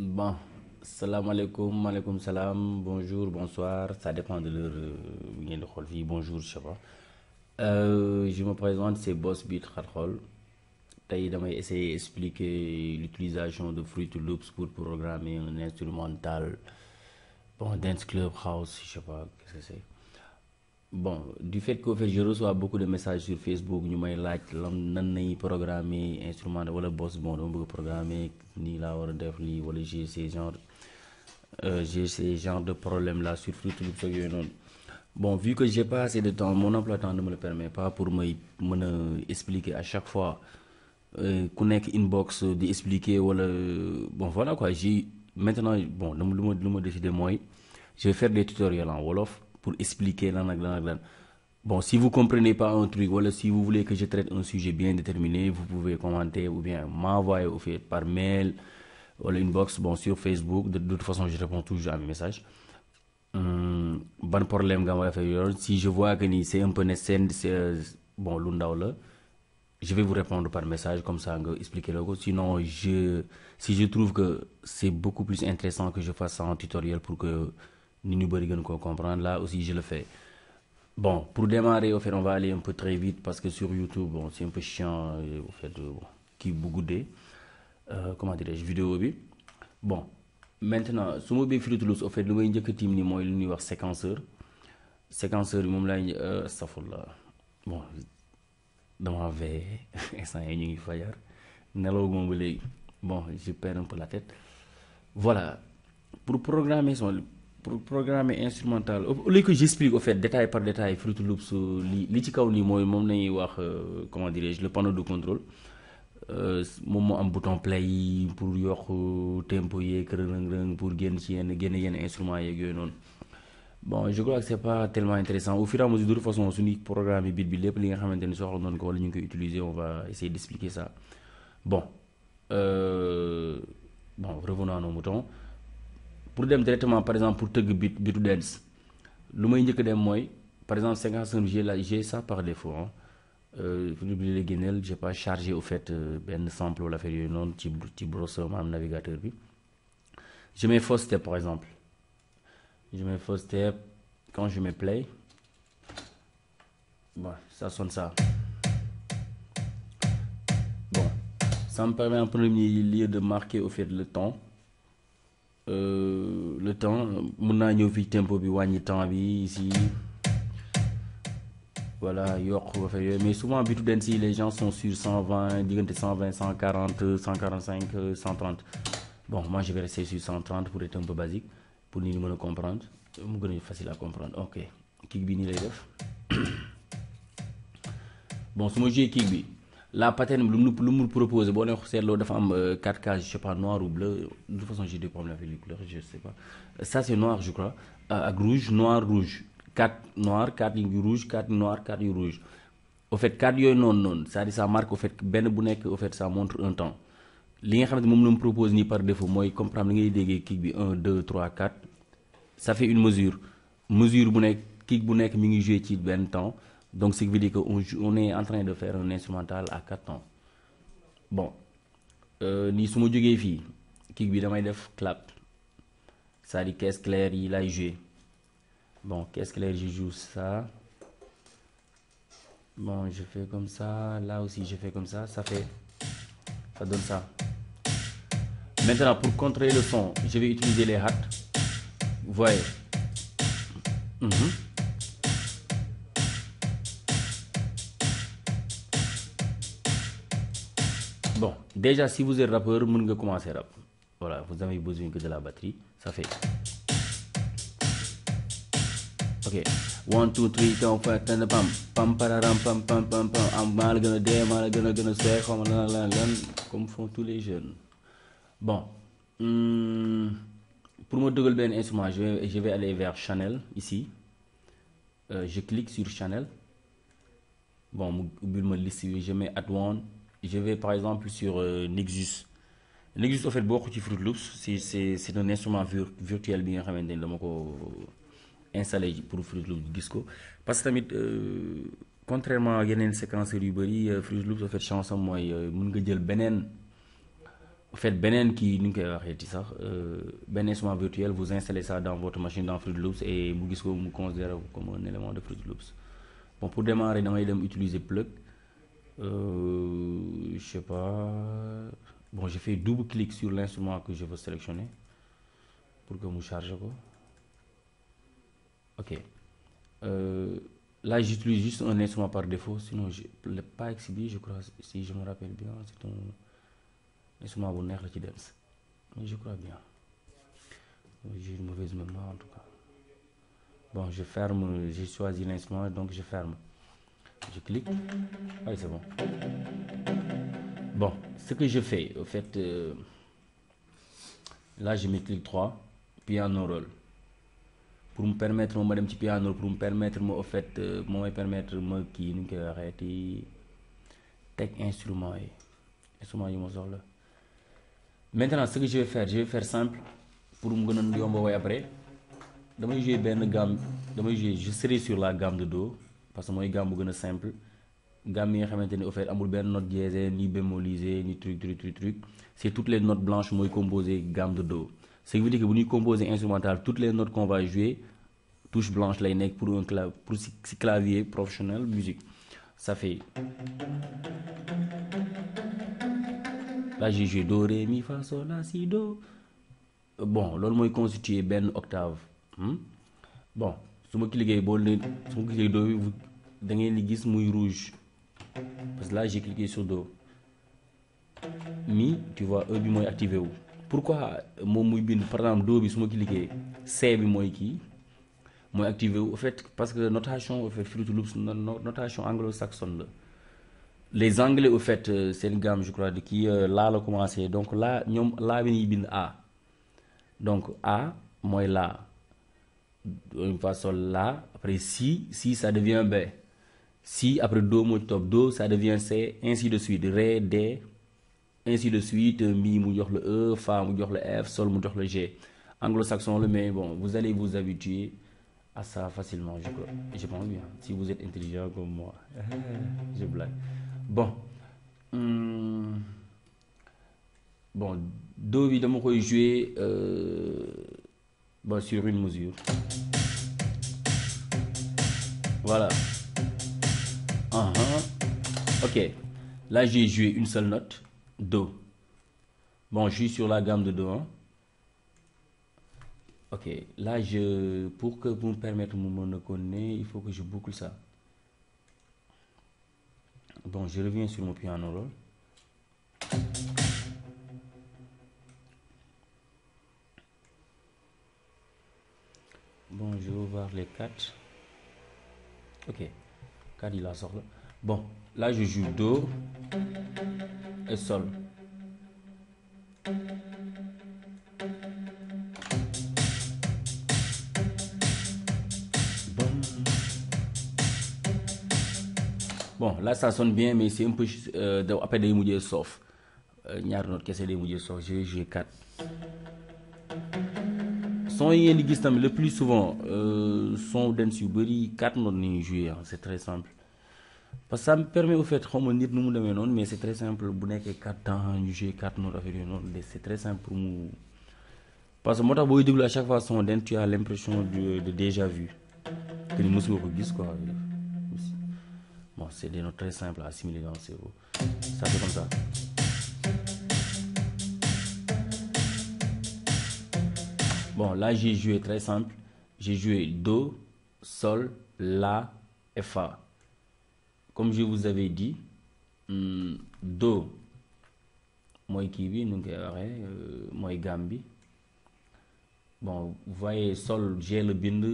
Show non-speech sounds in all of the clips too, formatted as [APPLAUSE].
bon salaamaaleykum maaleykum salaam bonjour bonsoir ça dépend de leur euh, bi ngeen di xool fii bonjour je sais pas je me présente c'est Boss Beat Khatkhoul tey damay essayer expliquer l'utilisation de Fruity Loops pour programmer un instrumental bon dance club house je sais qu'est-ce que c'est bon du fait que je reçois beaucoup de messages sur Facebook ñu may laaj lan nan nañu programmer instrument wala boss bon dama bëgg programmer nii laa war a def lii wala j'ai ces genre euh, j'ai ces genre de problème là sur Fruity Loops yooyu noonu bon vu que j'ai pas de temps mon emploi temps ne me le permet pas pour may mën a expliquer à chaque fois euh, ku nekk inbox di expliquer wala bon voilà quoi j'ai maintenant bon lu ma lu ma décidé mooy je vais faire des tutoriels wolof. pour expliquer lan ak lan ak lan bon si vous comprenez pas un truc wala si vous voulez que je traite un sujet bien déterminé vous pouvez commenter ou bien m'envoyer au fait par mail wala inbox bon sur Facebook de, de toute façon je réponds toujours à mes messages problème nga may fay si je vois que ni c'est un peu nécessaire bon lu ndaw la je vais vous répondre par message comme ça nga expliquer la sinon je si je trouve que c'est beaucoup plus pour que nit ñu bëri gën koo comprendre là aussi je le fais bon pour démarrer au fait on va aller un peu très vite parce que sur YouTube bon c'est un peu chiant euh, euh, kii bu guddee euh, comment dirais-je vidéo bi bon maintenant su ma bee Fruity Loops lu may njëkk a tiim nii mooy lu ñuy wax séquenceur séquenceur yi moom laay astafurlah bon dama veillé [LAUGHS] instant yi ñu ngi fajar nelaw moom ba léegi bon je perds un peu la tête voilà pour programmer son. pour programme instrumental au lieu que j'explique au fait détail par détail Fruity Loops euh, li ci kaw nii mooy moom nañuy wax euh, comment dirais-je le panneau de contrôle euh, moom moo am bouton play yi pour yokk tempo yeeg rëng-rëng pour génn ci yenn génn yenn instruments yeeg yooyu noonu bon je crois que c'est pas tellement intéressant au fur et à mesure de toute façon suñu programme yi bit bi lépp li nga xamante ni soxla noonu ko wala ñu ngi koy utiliser on va essayer d'expliquer pour dem directement par exemple pour tëgg bit bitu dance lu may njëkk dem mooy par exemple 55 j'ai la j'ai ça par défaut ah publicité la génneel j'ai pas chargé au fait euh, benn sample wala affaire yooyu noonu ci ci browser ma am navigateur bi je mets first step par exemple je mets first step quand je mets play bon ça sonne ça bon ça me permet en premier lieu de marquer au le temps Euh, le temps mun naa ñëw fii tempo bi wàññi temps bi ici voilà yokk affaire yooyu mais souvent bi tuddeen si les gens sont sur 120 diggante 120 140 145 130 bon moi je vais rester sur 130 pour être un peu basique pour nit ñi mën a comprendre mu gën a facile à comprendre ok kick bi nii lay def [COUGHS] bon su ma joué kick bi. la paterne lu mu lu mu proposé boo ne seetloo dafa am euh, quatre cases je sais pas noir ou bleu de toute façon j'ai des problèmes avec les couleurs je sais pas ça c'est noir je crois euh, ak rouge noir rouge quatre noir quatre yu rouge quatre yu yooyu noonu noonu c'est-à-dire ça marque au benn bu nekk au fait ça montre un temps li nga xam xamante moom la mu propose nii par défaut mooy comprendre li ngay déggee kick bi un deux trois quatre ça fait une mesure mesure bu nekk kick bu nekk mi ngi joué ci benn temps donc ce qui veut dire que on, on est en train de faire un instrumental a quatre temps bon euh, nii su ma jógee fii kick bi damay def clap c'est-à-dire caisse claire yi lay joué bon caisse claire je joue ça bon je fais comme ça là aussi je fais comme ça ça fait ça donne ça maintenant pour contrer le son je vais utiliser les hats bon déjà si vous rappeur mën nga commencer rap voilà vous avez besoin que de la batterie ça fait ok one two three ten pam pam pararam pam pam pam am maa la gën a dee maa la gën a gën a seey xaw ma lan lan comme font tous les jeunes bon hmm, pour ma dogal benn instrument je vais je vais aller vers channel ici euh, je clique sur channel bon mu ubbil ma liste bi je add one je par exemple sur euh, Nexus Nexus au boo ko ci Fruit Loops si c'est c'est un instrument virtuel bi nga xamante ni dama ko installé pour Fruit Loops gis ko parce que tamit euh, contrairement yeneen séquenceurs yu bëri euh, Fruit Loops au fait chance mooy mun nga jël beneen au fait beneen kii ni ngi koy waxee ti sax benn instrument virtuel vous installez ça dans votre machine dans Fruit Loops et mu gis ko mu considéré comme un élément de Fruit Loops bon pour démarrer Euh, je sais pas bon je fais double clic sur l'instrument que je veux sélectionner pour que mu charge ko ok euh, là j'utilise juste un instrument par défaut sinon je le pas exhibi je crois si je me rappelle bien c'est un instrument bu neex la ci dance je crois bien j'ai mauvaise mémoire en tout cas bon je ferme j'ai choisi l'instrument donc je ferme Je clique. Oui, c'est bon. Bon, ce que je fais, au fait, euh, là, je mets clic piano roll. Pour mu permettre, je vais piano pour me permettre, au fait, euh, me permettre, moi qui nous arrêter tech instrument. Instrument, je m'en là. Maintenant, ce que je vais je vais faire simple pour me donner un après. Je vais jouer une gamme, je, vais sur la gamme de Do. parce que mooy gamme bu gën a simple gamme yi nga xamante ni au fait amul benn note diesel ni bémolisé ni truc truc truc truc c' toutes les notes blanches mooy composé gamme de do ce qui veut dire que bu ñuy composé instrumental toutes les notes qu'on va jouer touche blanche lay nekk pour un clav pour si clavier professionnel musique ça fait là j'ai joué do ré mi fa sol la si do bon loolu mooy constituer benn octave hmm? bon su ma cliquer boo leen su ma cliquer do da ngeen di gis muy rouge parce que là j'ai cliqué sur dos mi tu vois E bi mooy activé wu. pourquoi moom muy bind par exemple do bi su ma cliqué C bi mooy kii mooy activé wu en fait parce que notation en fait Fruity Loops notation anglo-saxonne la les anglais au fait euh, seen gamme je crois de kii euh, laa la commencé donc laa ñoom laa bi ñuy bind A donc A mooy laa une fois après si si ça devient B. si après do moo ci do ça devient c ainsi de suite ré d ainsi de suite mi mu jox la e fa mu jox la f sol mu jox la g anglo-saxon la mais bon vous allez vous habituer à ça facilement je crois je pense bien si vous êtes intelligent comme moi [LAUGHS] je blague bon hmm. do bi dama koy jouer euh, bon, sur une mesure voilà. Uh -huh. Ok. Là, j'ai joué une seule Do. Bon, je suis la gamme de Do. Hein. Ok. Là, je... pour que vous me permettez mon monocone, il faut que je boucle ça. Bon, je reviens sur mon piano roll. Bon, je vais voir les kat yi laa soxla bon là je joue do et sol bon là ça sonne bien mais c'est un peu daw euh, après day mujjee soof euh, ñaari note kese day mujjee son yi ngeen di gis tamit le plus souvent euh, son dance yu bëri quatre notes ni ñuy joué ah très simple parce que permet au fait xaw ma nit nu mu demee noonu mais c' est très simple bu nekkee quatre temps ñu joué quatre notes affaire yooyu noonu c' est très simple pour mu parce que moo tax booy déglu à chaque fois son dance tu as de déjà vu que ni mosuma ko gis quoi bon c' est des très simples à assimiler dans le cerveau ça fait comme Bon, la j'ai jou très simple. J'ai joué Do, Sol, La et Fa. Comme je vous avais dit, Do mooy kii bi nu ngi koy waxee euh, mooy gamme bi. Bon, voye voyez, Sol, j'ai le bind,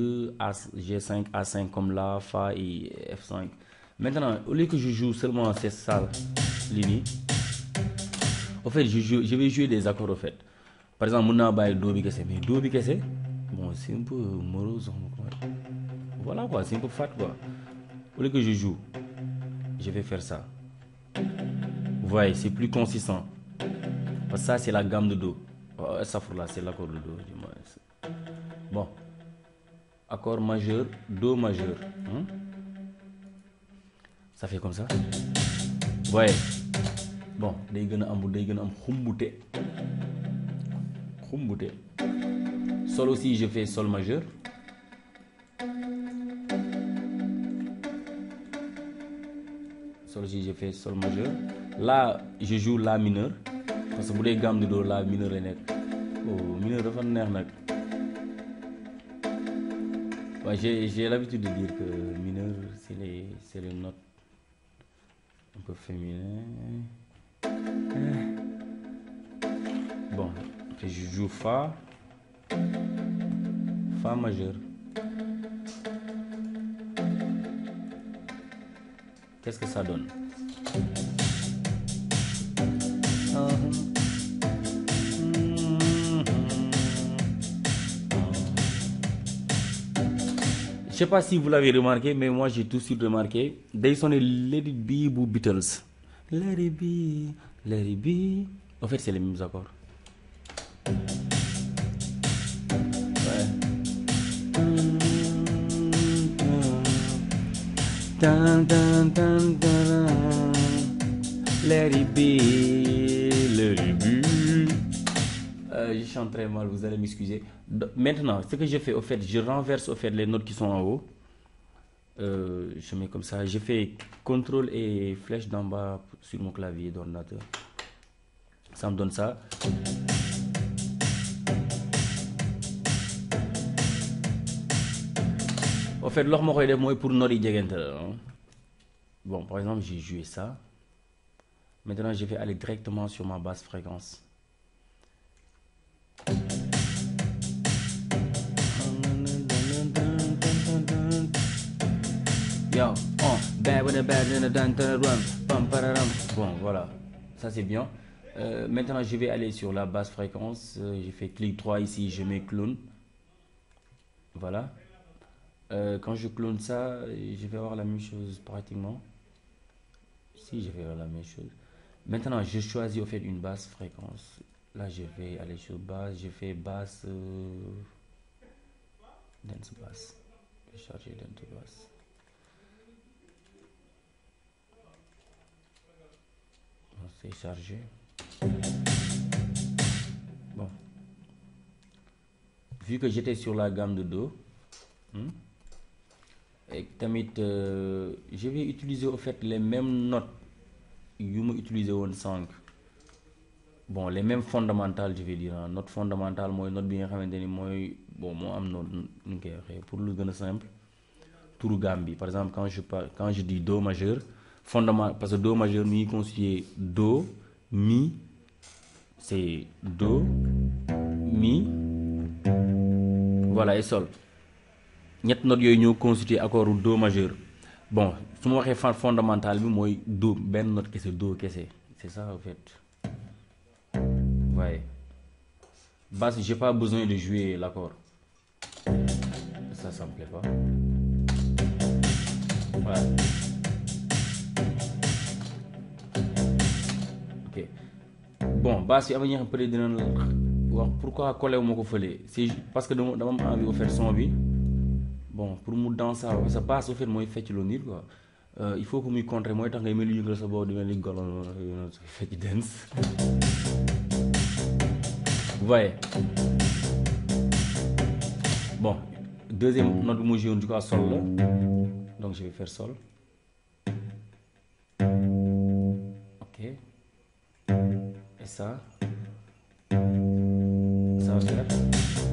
G5, A5 comme La, Fa e F5. Maintenant, au lieu que je joue seulement cette salle, ligne, au je, joue, je vais jouer des accords au par exemple mun naa bàyyi doo bi kese mais doo bi bon c'est morose voilà quoi c'est un peu fat quoi au lieu que je joue je vais faire ça vous voyez plus consistant parce que ça la gamme de do safurla oh, c'est l'accord de do bon accord majeur do majeur hein? ça fait comme bon day gën a am day gën a am xumbute xumbute sol aussi je fais sol majeur sol aussi je fais sol majeur là je joue la mineur parce que bu dee gamme de do la mineur lay nekk oh mineur dafa neex nag waaye j'ai j'ai l'habitude dire que mineur c'est les c'est les notes un peu bon et je Fa, Fa majeur. Qu'est-ce que ça donne? Je sais pas si vous l'avez remarqué mais moi j'ai tout de suite remarqué day sonné Let It Beatles. Let It Be, Let It Be. En fait Dun, dun, dun, dun, Let euh, je chante très mal, vous allez m'excuser. Maintenant, ce que je fais, au fait, je renverse au fait les notes qui sont en haut. Euh, je mets comme Je fais contrôle et flèche d'en bas sur mon clavier d'ordinateur. Ça me donne ça. fait lox ma koy def mooy pour nor yi jegante la bon par exemple j'ai joué ça maintenant je vais aller directement sur ma basse fréquence Yo, oh, bon voilà ça c'est bien euh, maintenant je vais aller sur la basse fréquence euh, j'ai fait clic 3 ici je mets clone voilà Euh, quand je clone ça, je vais avoir la même chose pratiquement. Si, je vais avoir la même chose. Maintenant, je choisis au fait une basse fréquence. Là, je vais aller sur basse. Je fais basse. Euh, dance basse. Je vais Bon. Vu que j'étais sur la gamme de Do. Hmm, tamit euh, je utiliser au fait le même not yu mu utiliser woon sànq bon les même fondamentales je vais dire ah note mooy note bi nga xamante ni mooy bon moo am note nu ngi koy waxee pour lu gën a simple turu gamme bi par exemple quand je parle quand je dis do majeur fondamental parce que do majeur mi ngi constitué do mi c'est do mi voilà et sol. ñett not yooyu ñoo constitué accordu do majeur bon su ma waxee fondamental bi mooy do benn note kese do kese c'est ça en fait waaye basse j'ai pas besoin de jouer l'accord ça ça pas voilà bon basse yi am na ñoo xam peut-être dinañ wax pourquoi collé wu ko fële c'est parce que dama dama am envie offert bi. bon pour mu danser parce que passe au fait mooy fecc lu nit quoi euh, il faut que muy contrer mooy tax ngay mel ni yëngal sa bopp di mel ni golo euh, noonu fecc dance. vous sol la donc je vais faire sol ok et ça ça va faire.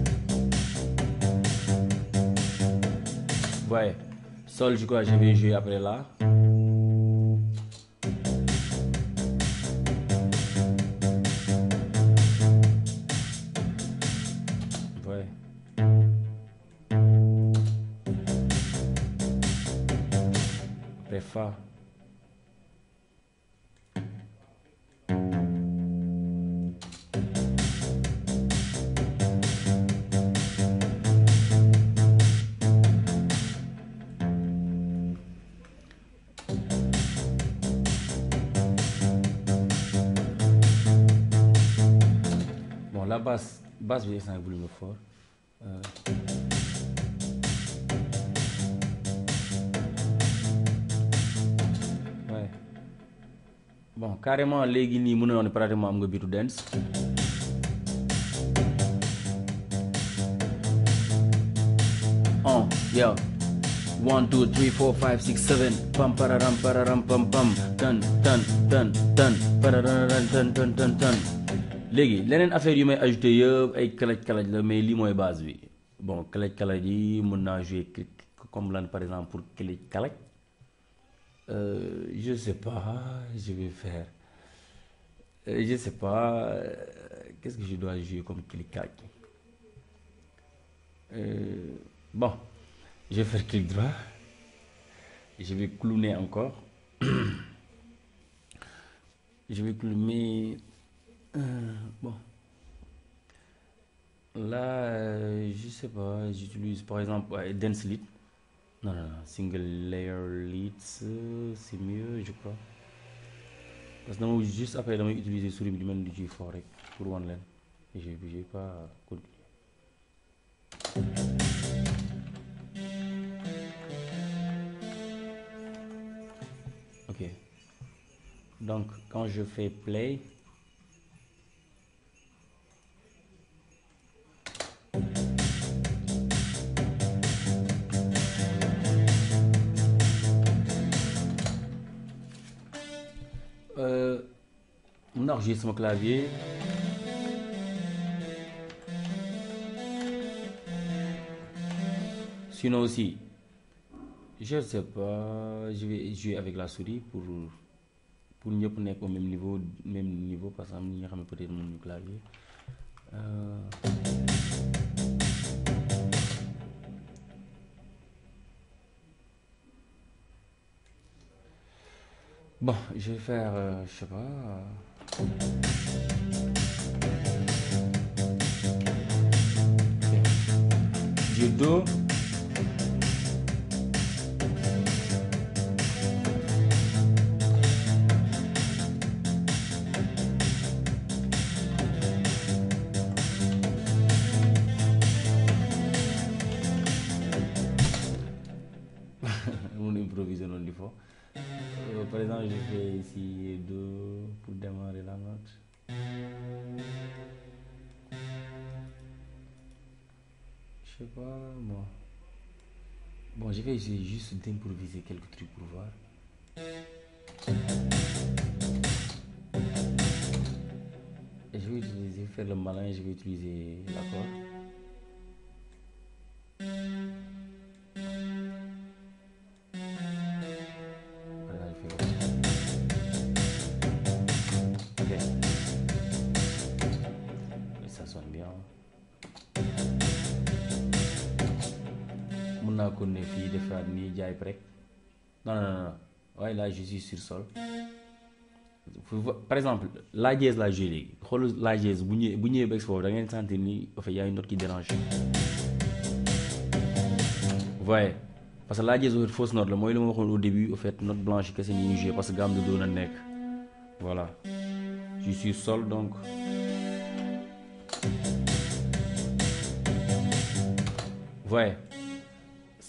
voyez Sol, je crois, je vais jouer après là. Voyez. Pré Fa. basse basse bi instant volume la fort euh. bon carrément léegi nii mën naa ne pratiquement am nga bitu dance on yow one two three four five six seven pam pararam pararam pam pam tan tan tan tan pararam tan tan tan tan léegi leneen affaire yu may ajouté yëpp ay kalaj-kalaj la mais lii mooy base bi bon kalaj-kalaj yi mën naa jouer comme lan par exemple pour kalaj-kalaj euh, je sais pas je vais faire euh, je sais pas euh, qu'est-ce que je dois jouer comme clic-clac euh, bon je vais faire clic droit je vais clowner encore [COUGHS] je vais clowner Euh, bon là euh, je sais pas j'utilise par exemple Dance Lead non non non single layer leads c'est mieux je crois parce que dama juste après damay utiliser souris bi di mel di ciy fort rek pour wan leen et j'ai j'ai pas continué. donc je fais play mun naa jouer sama clavier sinon aussi je ne sais pas je vais jouer avec la souris pour pour ñëpp nekk au même niveau même niveau parce que am na ñi nga xam ne peut-être mënuñu clavier. Euh... Bon, je vais faire, euh, je sais pas. Euh... Du Do. sais pas, moi. Bon, je vais essayer juste d'improviser quelques trucs pour voir. Et je vais utiliser, le malin, je vais utiliser continuer fii defaat nii jaay rek non non non waaye là je suis sur sol par exemple la dièse la joué léegi xool la dièse bu ñëwee bu ñëwee ba foofu da ngeen sentir ni en fait y a une note qui dérange. parce que la dièse en fait fausse la mooy li ma waxoon au début en fait note blanche kese ni ñu joué parce que gamme de do a nekk voilà sol donc.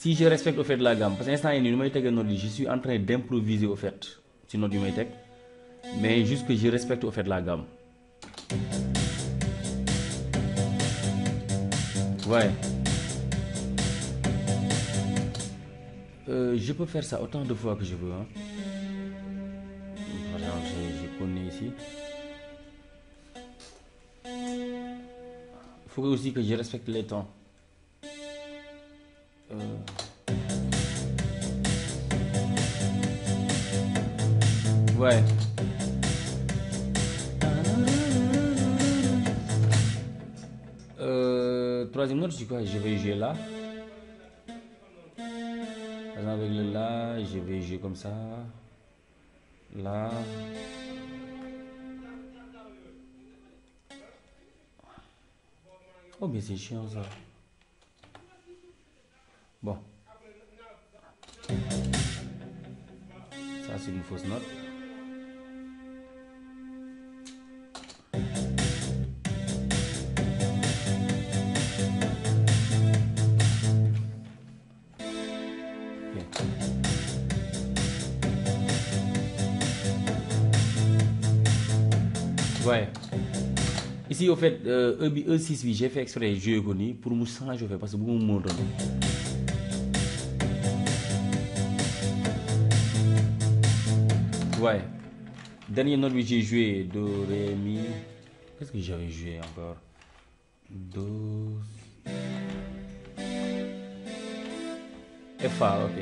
si je respecte au la gamme parce que instant yii nii nu may tegee note yi je suis en train d' improviser au fait ci note yu may teg mais juste que je respecte au la gamme waaye. Euh, je peux faire ça autant de fois que je veux hein. Par exemple, je, je connais ici. Il faut aussi que je respecte les temps. Ouais. Euh, troisième note, c'est quoi Je vais jouer là. Par exemple, avec le là, je vais jouer comme ça. Là. Oh, mais c'est chiant ça. bon ça c'est une fausse note waaye ici au fait E bi E6 bi j'ai fait exprès joué ko nii pour mu changer au fait parce que bu mu mënoon ouais. Dernière note que j'ai joué, Do, Ré, Mi. Qu'est-ce que j'avais joué Fa, ok.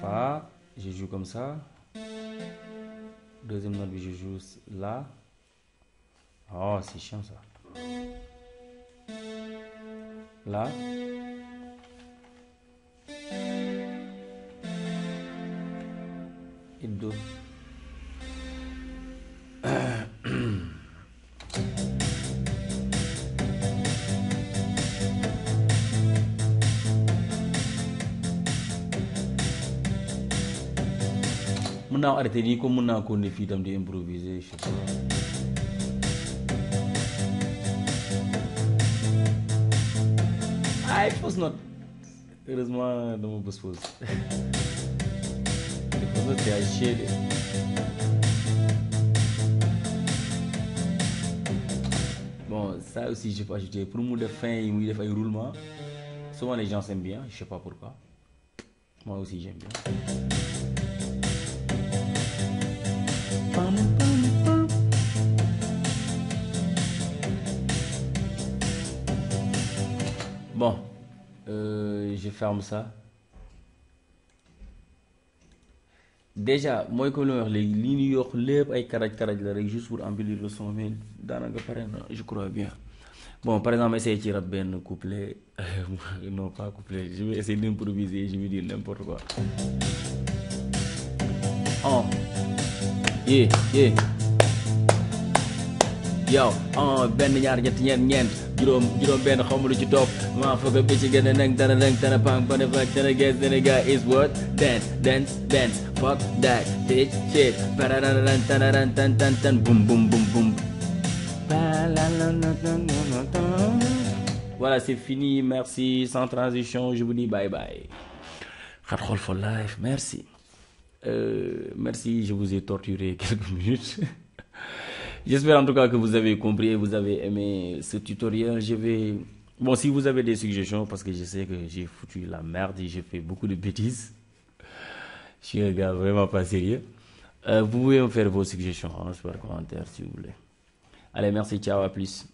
Fa, je joue comme ça. Deuxième note je joue là. Oh, c'est chiant ça. Là. iddu [COUGHS] mën naa arrêté nii comme mën naa ko ne fii tam di improviser je sais pas ah, I pose not. Heureusement, dama bës [LAUGHS] telecom che ha il sede bon ça aussi j'ai pas ajouté pour mu def fin yi muy def ay roulement souvent les gens s'aiment bien je sais pas pourquoi moi aussi j'aime bien pam, pam, bon euh, je ferme ça déjà mooy ko la wax léegi lii nu yokk lépp ay karaj-karaj la rek juste pour embellir le son mais daanaka pare na je crois bien bon par exemple essayer ci rab benn couplet [LAUGHS] non pas couplet je vais essayer d'improviser je vais n'importe quoi oh yeah yow un benn ñaar ñett ñeent ñeent juróom juróom benn xawma lu ci topp maa foog a bi ci gën a nekk dana nekk pang ba ne fag dana gees dana gaa is what dance dance dance fuck that bitch shit parararan tanaran tan tan tan bum bum bum bum voilà c'est fini merci sans transition je vous dis bye bye Hard Roll for Life merci euh, merci je vous ai torturé quelques minutes [LAUGHS] J'espère en tout cas que vous avez compris et vous avez aimé ce tutoriel. Je vais... Bon, si vous avez des suggestions, parce que je sais que j'ai foutu la merde et j'ai fait beaucoup de bêtises. Je suis vraiment pas sérieux. Euh, vous pouvez me faire vos suggestions hein, sur si vous voulez. Allez, merci, ciao, à plus.